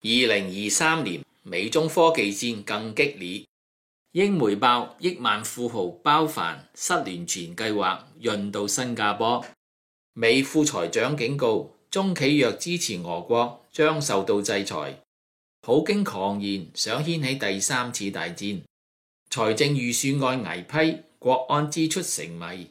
二零二三年，美中科技戰更激烈。英媒爆億萬富豪包凡失聯前計劃潤到新加坡。美副財長警告，中企若支持俄國，將受到制裁。普京狂言想掀起第三次大戰。財政預算案危批，國安支出成謎。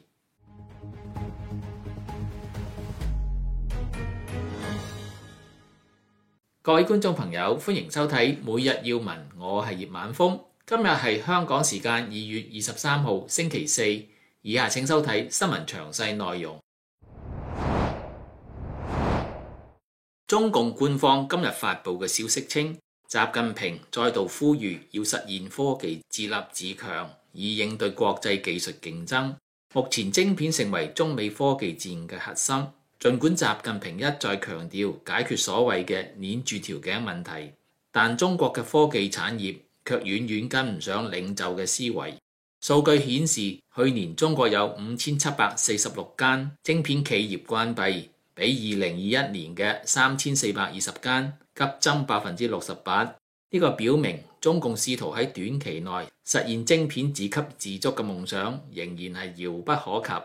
各位觀眾朋友，歡迎收睇《每日要聞》，我係葉晚風，今日係香港時間二月二十三號星期四，以下請收睇新聞詳細內容。中共官方今日發布嘅消息稱，習近平再度呼籲要實現科技自立自強，以應對國際技術競爭。目前晶片成為中美科技戰嘅核心。儘管習近平一再強調解決所謂嘅捏住條頸問題，但中國嘅科技產業卻遠遠跟唔上領袖嘅思維。數據顯示，去年中國有五千七百四十六間晶片企業關閉，比二零二一年嘅三千四百二十間急增百分之六十八。呢個表明中共試圖喺短期內實現晶片自給自足嘅夢想，仍然係遙不可及。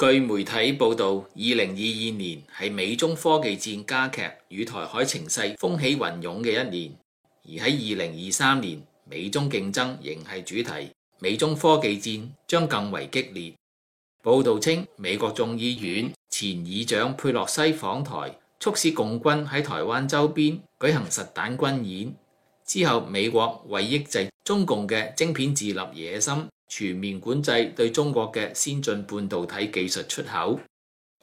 據媒體報導，二零二二年係美中科技戰加劇與台海情勢風起雲湧嘅一年，而喺二零二三年，美中競爭仍係主題，美中科技戰將更為激烈。報導稱，美國眾議院前議長佩洛西訪台，促使共軍喺台灣周邊舉行實彈軍演，之後美國為抑制中共嘅晶片自立野心。全面管制對中國嘅先進半導體技術出口。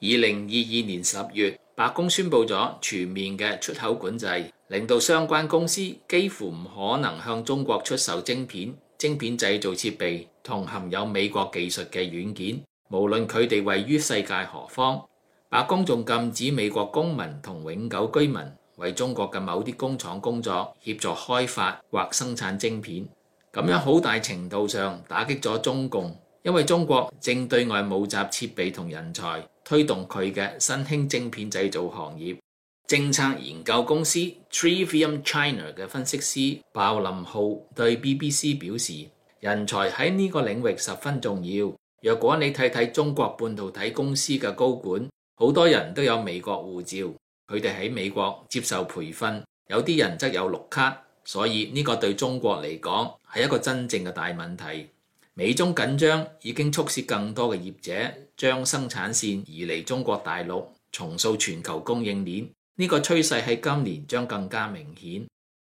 二零二二年十月，白宮宣布咗全面嘅出口管制，令到相關公司幾乎唔可能向中國出售晶片、晶片製造設備同含有美國技術嘅軟件，無論佢哋位於世界何方。白宮仲禁止美國公民同永久居民為中國嘅某啲工廠工作，協助開發或生產晶片。咁樣好大程度上打擊咗中共，因為中國正對外募集設備同人才，推動佢嘅新興晶片製造行業。政策研究公司 Trivium China 嘅分析師包林浩對 BBC 表示，人才喺呢個領域十分重要。若果你睇睇中國半導體公司嘅高管，好多人都有美國護照，佢哋喺美國接受培訓，有啲人則有綠卡。所以呢，這個對中國嚟講，係一個真正嘅大問題。美中緊張已經促使更多嘅業者將生產線移離中國大陸，重塑全球供應鏈，呢，這個趨勢喺今年將更加明顯，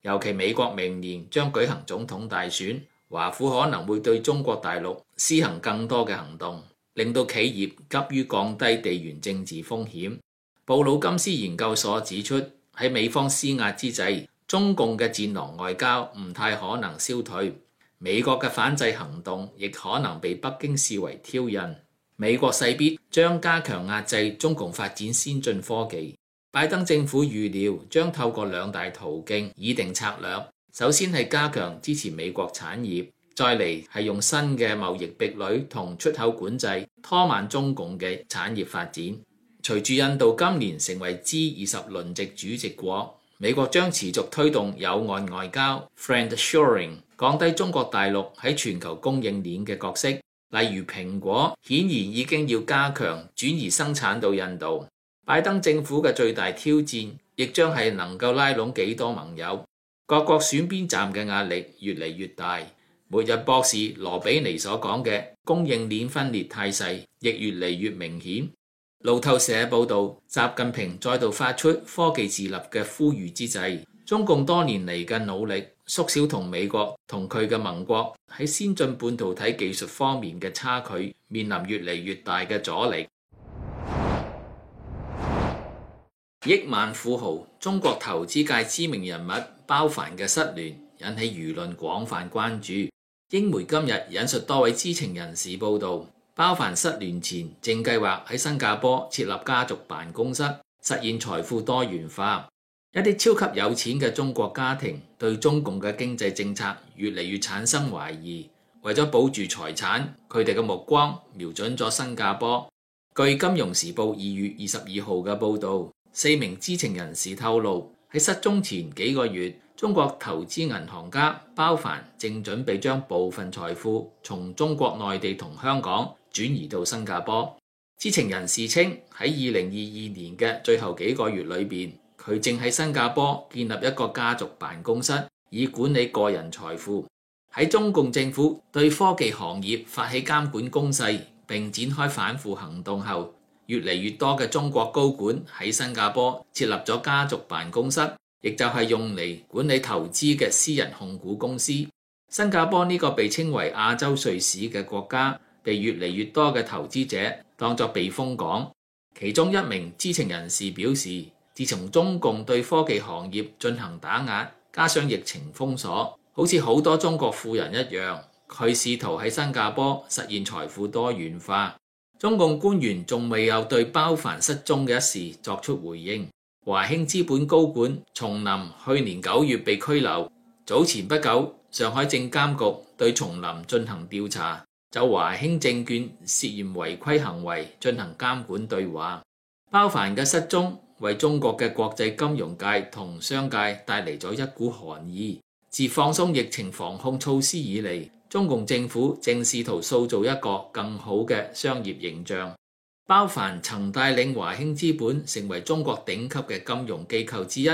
尤其美國明年將舉行總統大選，華府可能會對中國大陸施行更多嘅行動，令到企業急於降低地緣政治風險。布魯金斯研究所指出，喺美方施壓之際，中共嘅戰狼外交唔太可能消退，美國嘅反制行動亦可能被北京視為挑釁。美國勢必將加強壓制中共發展先進科技。拜登政府預料將透過兩大途徑擬定策略，首先係加強支持美國產業，再嚟係用新嘅貿易壁壘同出口管制拖慢中共嘅產業發展。隨住印度今年成為 G 二十輪值主席國。美國將持續推動友岸外交 friendshoring 降低中國大陸喺全球供應鏈嘅角色，例如蘋果顯然已經要加強轉移生產到印度。拜登政府嘅最大挑戰，亦將係能夠拉攏幾多盟友。各國選邊站嘅壓力越嚟越大。末日博士羅比尼所講嘅供應鏈分裂態勢，亦越嚟越明顯。路透社報道，習近平再度發出科技自立嘅呼籲之際，中共多年嚟嘅努力縮小同美國同佢嘅盟國喺先進半導體技術方面嘅差距，面臨越嚟越大嘅阻力。億萬富豪、中國投資界知名人物包凡嘅失聯引起輿論廣泛關注。英媒今日引述多位知情人士報道。包凡失聯前正計劃喺新加坡設立家族辦公室，實現財富多元化。一啲超級有錢嘅中國家庭對中共嘅經濟政策越嚟越產生懷疑，為咗保住財產，佢哋嘅目光瞄準咗新加坡。據《金融時報》二月二十二號嘅報道，四名知情人士透露，喺失蹤前幾個月，中國投資銀行家包凡正準備將部分財富從中國內地同香港。轉移到新加坡，知情人士稱，喺二零二二年嘅最後幾個月裏邊，佢正喺新加坡建立一個家族辦公室，以管理個人財富。喺中共政府對科技行業發起監管攻勢並展開反腐行動後，越嚟越多嘅中國高管喺新加坡設立咗家族辦公室，亦就係用嚟管理投資嘅私人控股公司。新加坡呢個被稱為亞洲瑞士嘅國家。被越嚟越多嘅投資者當作避風港。其中一名知情人士表示，自從中共對科技行業進行打壓，加上疫情封鎖，好似好多中國富人一樣，佢試圖喺新加坡實現財富多元化。中共官員仲未有對包凡失蹤嘅一事作出回應。華興資本高管叢林去年九月被拘留，早前不久，上海證監局對叢林進行調查。就華興證券涉嫌違規行為進行監管對話，包凡嘅失蹤為中國嘅國際金融界同商界帶嚟咗一股寒意。自放鬆疫情防控措施以嚟，中共政府正試圖塑造一個更好嘅商業形象。包凡曾帶領華興資本成為中國頂級嘅金融機構之一，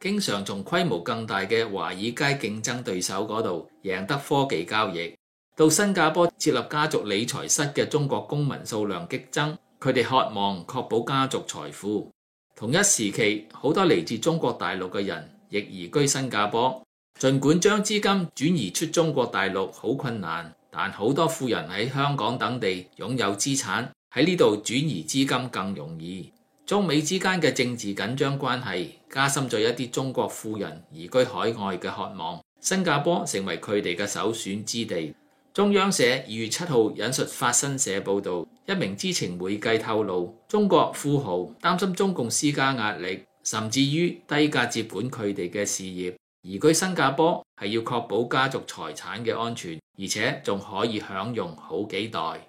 經常從規模更大嘅華爾街競爭對手嗰度贏得科技交易。到新加坡設立家族理財室嘅中國公民數量激增，佢哋渴望確保家族財富。同一時期，好多嚟自中國大陸嘅人亦移居新加坡。儘管將資金轉移出中國大陸好困難，但好多富人喺香港等地擁有資產，喺呢度轉移資金更容易。中美之間嘅政治緊張關係加深咗一啲中國富人移居海外嘅渴望，新加坡成為佢哋嘅首選之地。中央社二月七號引述法新社報導，一名知情會計透露，中國富豪擔心中共施加壓力，甚至於低價接管佢哋嘅事業。移居新加坡係要確保家族財產嘅安全，而且仲可以享用好幾代。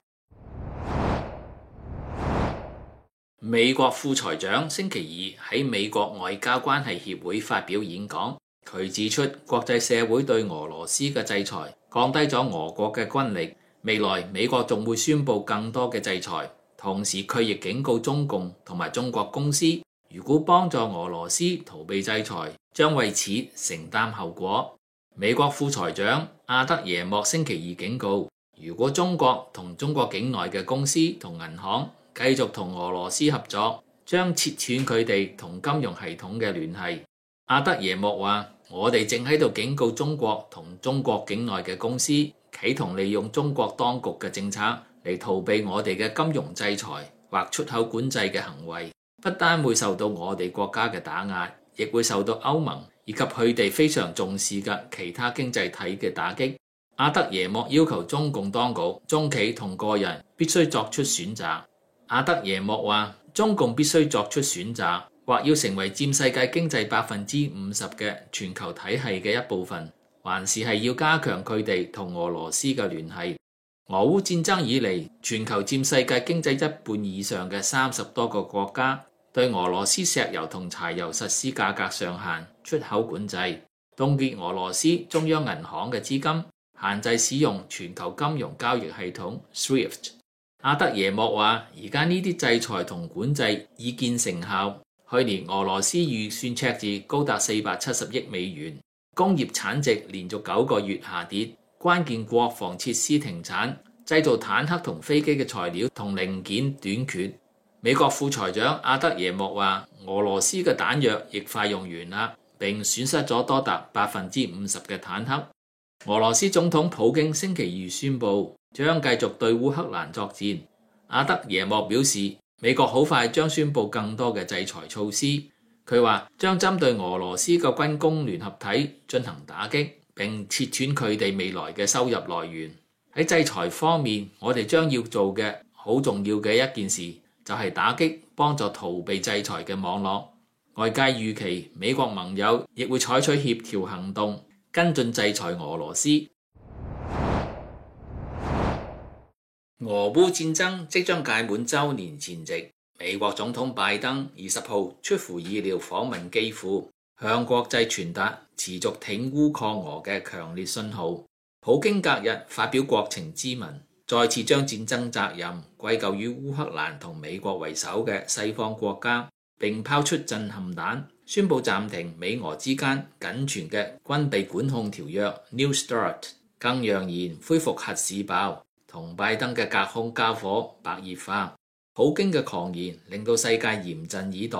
美國副財長星期二喺美國外交關係協會發表演講，佢指出國際社會對俄羅斯嘅制裁降低咗俄國嘅軍力，未來美國仲會宣布更多嘅制裁，同時佢亦警告中共同埋中國公司，如果幫助俄羅斯逃避制裁，將為此承擔後果。美國副財長阿德耶莫星期二警告，如果中國同中國境內嘅公司同銀行繼續同俄羅斯合作，將切斷佢哋同金融系統嘅聯繫。阿德耶莫話。我哋正喺度警告中國同中國境內嘅公司，企圖利用中國當局嘅政策嚟逃避我哋嘅金融制裁或出口管制嘅行為，不單會受到我哋國家嘅打壓，亦會受到歐盟以及佢哋非常重視嘅其他經濟體嘅打擊。阿德耶莫要求中共當局、中企同個人必須作出選擇。阿德耶莫話：中共必須作出選擇。或要成為佔世界經濟百分之五十嘅全球體系嘅一部分，還是係要加強佢哋同俄羅斯嘅聯繫。俄烏戰爭以嚟，全球佔世界經濟一半以上嘅三十多個國家，對俄羅斯石油同柴油實施價格上限、出口管制、凍結俄羅斯中央銀行嘅資金、限制使用全球金融交易系統 SWIFT。阿德耶莫話：而家呢啲制裁同管制已見成效。去年俄羅斯預算赤字高達四百七十億美元，工業產值連續九個月下跌，關鍵國防設施停產，製造坦克同飛機嘅材料同零件短缺。美國副財長阿德耶莫話：俄羅斯嘅彈藥亦快用完啦，並損失咗多達百分之五十嘅坦克。俄羅斯總統普京星期二宣布將繼續對烏克蘭作戰。阿德耶莫表示，美國好快將宣布更多嘅制裁措施，佢話將針對俄羅斯嘅軍工聯合體進行打擊，並切斷佢哋未來嘅收入來源。喺制裁方面，我哋將要做嘅好重要嘅一件事，就係打擊幫助逃避制裁嘅網絡。外界預期美國盟友亦會採取協調行動，跟進制裁俄羅斯。俄烏戰爭即將屆滿周年前夕，美國總統拜登二十號出乎意料訪問基輔，向國際傳達持續挺烏抗俄嘅強烈信號。普京隔日發表國情咨文，再次將戰爭責任歸咎於烏克蘭同美國為首嘅西方國家，並拋出震撼彈，宣布暫停美俄之間僅存嘅軍備管控條約 New Start，更揚言恢復核試爆。同拜登嘅隔空交火白熱化，普京嘅狂言令到世界嚴陣以待。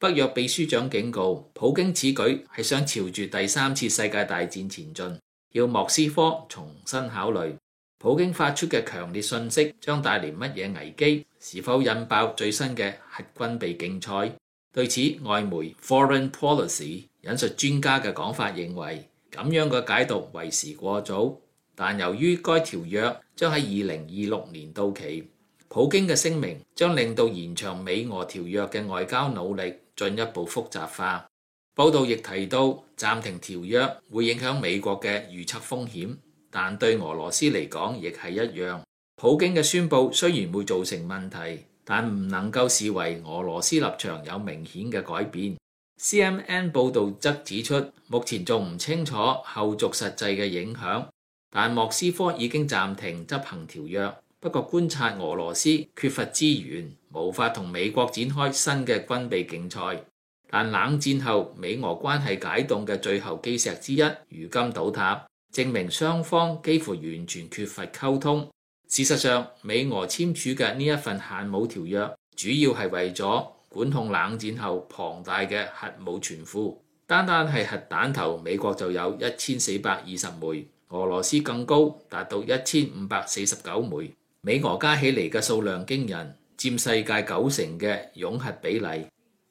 北約秘書長警告，普京此舉係想朝住第三次世界大戰前進，要莫斯科重新考慮。普京發出嘅強烈訊息將帶嚟乜嘢危機？是否引爆最新嘅核軍備競賽？對此，外媒 Foreign Policy 引述專家嘅講法，認為咁樣嘅解讀為時過早。但由於該條約，將喺二零二六年到期，普京嘅聲明將令到延長美俄條約嘅外交努力進一步複雜化。報道亦提到，暫停條約會影響美國嘅預測風險，但對俄羅斯嚟講亦係一樣。普京嘅宣佈雖然會造成問題，但唔能夠視為俄羅斯立場有明顯嘅改變。CMN 報道則指出，目前仲唔清楚後續實際嘅影響。但莫斯科已經暫停執行條約，不過觀察俄羅斯缺乏資源，無法同美國展開新嘅軍備競賽。但冷戰後美俄關係解凍嘅最後基石之一，如今倒塌，證明雙方幾乎完全缺乏溝通。事實上，美俄簽署嘅呢一份限武條約，主要係為咗管控冷戰後龐大嘅核武存庫，單單係核彈頭，美國就有一千四百二十枚。俄羅斯更高，達到一千五百四十九枚，美俄加起嚟嘅數量驚人，佔世界九成嘅擁核比例。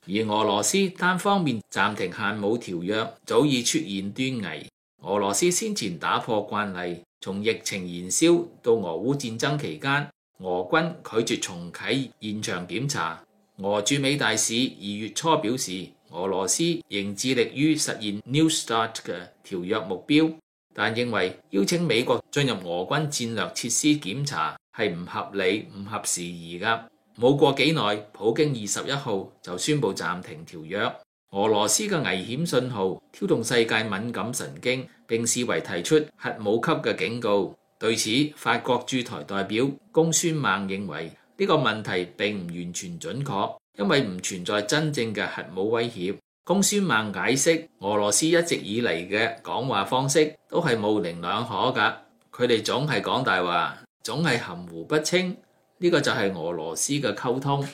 而俄羅斯單方面暫停限武條約早已出現端倪。俄羅斯先前打破慣例，從疫情燃燒到俄烏戰爭期間，俄軍拒絕重啟現場檢查。俄駐美大使二月初表示，俄羅斯仍致力於實現 New START 嘅條約目標。但認為邀請美國進入俄軍戰略設施檢查係唔合理、唔合時宜㗎。冇過幾耐，普京二十一號就宣布暫停條約。俄羅斯嘅危險信號挑動世界敏感神經，並視為提出核武級嘅警告。對此，法國駐台代表公孫孟認為呢個問題並唔完全準確，因為唔存在真正嘅核武威脅。公孫孟解釋，俄羅斯一直以嚟嘅講話方式都係模棱兩可㗎，佢哋總係講大話，總係含糊不清，呢、這個就係俄羅斯嘅溝通。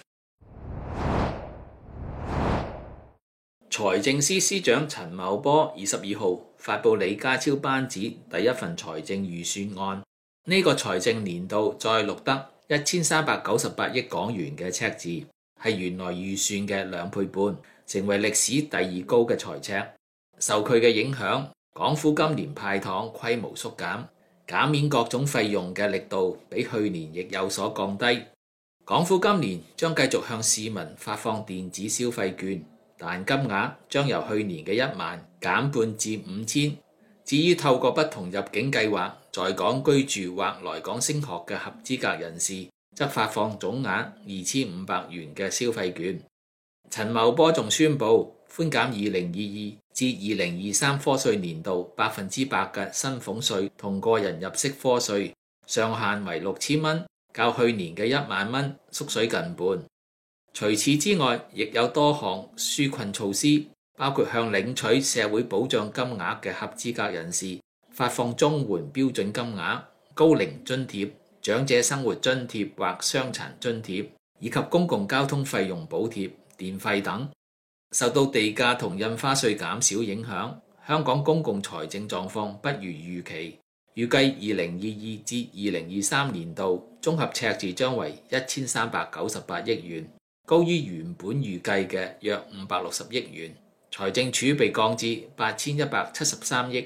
財政司司，司長陳茂波二十二號發布李家超班子第一份財政預算案，呢、這個財政年度再錄得一千三百九十八億港元嘅赤字，係原來預算嘅兩倍半。成為歷史第二高嘅財赤，受佢嘅影響，港府今年派糖規模縮減，減免各種費用嘅力度比去年亦有所降低。港府今年將繼續向市民發放電子消費券，但金額將由去年嘅一萬減半至五千。至於透過不同入境計劃、在港居住或來港升學嘅合資格人士，則發放總額二千五百元嘅消費券。陳茂波仲宣布，寬減二零二二至二零二三課稅年度百分之百嘅薪俸稅同個人入息課稅上限為六千蚊，較去年嘅一萬蚊縮水近半。除此之外，亦有多項紓困措施，包括向領取社會保障金額嘅合資格人士發放綜援標準金額、高齡津貼、長者生活津貼或傷殘津貼，以及公共交通費用補貼。電費等受到地價同印花稅減少影響，香港公共財政狀況不如預期。預計二零二二至二零二三年度綜合赤字將為一千三百九十八億元，高於原本預計嘅約五百六十億元。財政儲備降至八千一百七十三億，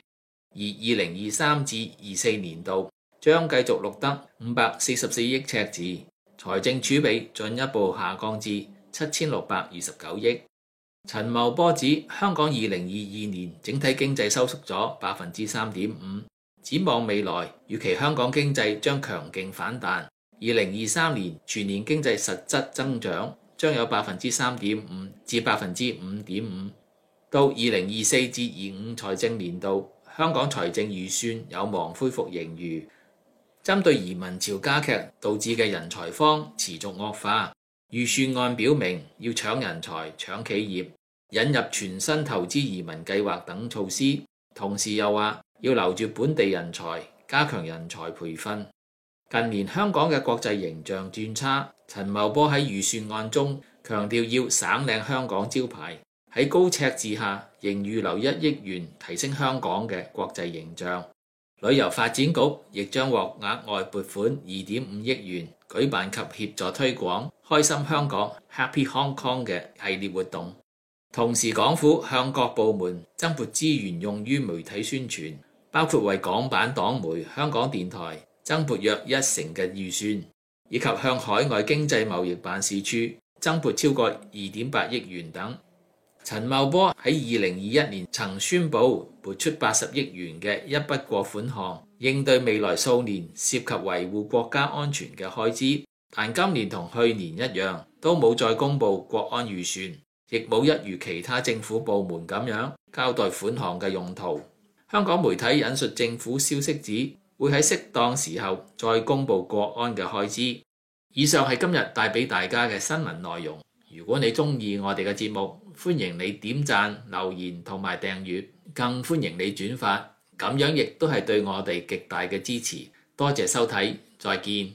而二零二三至二四年度將繼續錄得五百四十四億赤字，財政儲備進一步下降至七千六百二十九億。陳茂波指香港二零二二年整體經濟收縮咗百分之三點五，展望未來，預期香港經濟將強勁反彈。二零二三年全年經濟實質增長將有百分之三點五至百分之五點五。到二零二四至二五財政年度，香港財政預算有望恢復盈餘。針對移民潮加劇導致嘅人才荒持續惡化。預算案表明要搶人才、搶企業，引入全新投資移民計劃等措施，同時又話要留住本地人才，加強人才培訓。近年香港嘅國際形象轉差，陳茂波喺預算案中強調要省領香港招牌，喺高赤字下仍預留一億元提升香港嘅國際形象。旅遊發展局亦將獲額，額外撥款二點五億元。舉辦及協助推廣《開心香港 Happy Hong Kong》嘅系列活動，同時港府向各部門增撥資源用於媒體宣傳，包括為港版黨媒香港電台增撥約一成嘅預算，以及向海外經濟貿易辦事處增撥超過二點八億元等。陳茂波喺二零二一年曾宣佈撥出八十億元嘅一筆過款項，應對未來數年涉及維護國家安全嘅開支，但今年同去年一樣，都冇再公布國安預算，亦冇一如其他政府部門咁樣交代款項嘅用途。香港媒體引述政府消息指，會喺適當時候再公布國安嘅開支。以上係今日帶俾大家嘅新聞內容。如果你鍾意我哋嘅節目，歡迎你點讚、留言同埋訂閱，更歡迎你轉發。咁樣亦都係對我哋極大嘅支持，多謝收睇，再見。